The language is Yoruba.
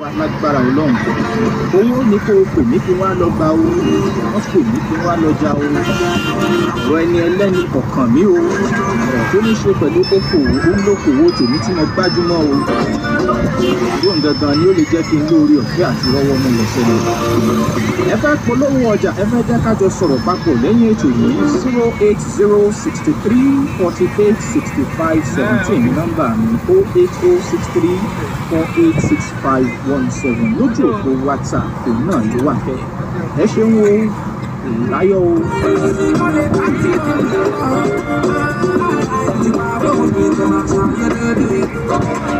wa lágbára ọlọ́run owó ní kó o pè mí kí wọ́n á lọ gba owó wọ́n pè mí kí wọ́n á lọ ja owó ọ̀rọ̀ ẹni ẹlẹ́ni kọ̀ọ̀kan mi o ọ̀rọ̀ tó ní ṣe pẹ̀lú kókò ó ń lókòwò tèmi tí mo gbájúmọ́ o lóun dandan ni ó lè jẹ́ kí n lóore ọ̀fẹ́ àti rọ́wọ́ mú lọ sílẹ̀. ẹ fẹ́ polówó ọjà ẹ fẹ́ jẹ́ ká sọ̀rọ̀ papọ̀ lẹ́yìn ètò yìí zero eight zero sixty three forty eight sixty five seventeen nọ́mbà mi o eight o six three four eight six five one seven lójú òpó WhatsApp èyí náà ló wà fẹ́. ẹ ṣeun o láyọ̀ o. Thank you.